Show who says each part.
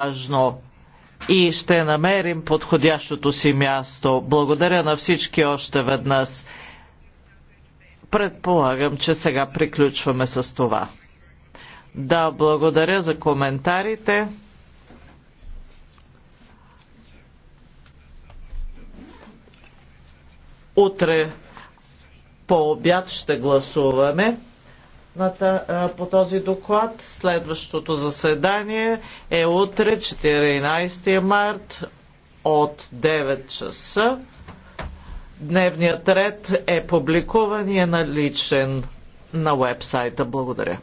Speaker 1: важно и ще намерим подходящото си място. Благодаря на всички още веднъж. Предполагам, че сега приключваме с това. Да, благодаря за коментарите. Утре по обяд ще гласуваме по този доклад. Следващото заседание е утре, 14 март от 9 часа. Дневният ред е публикуван и е наличен на вебсайта. Благодаря.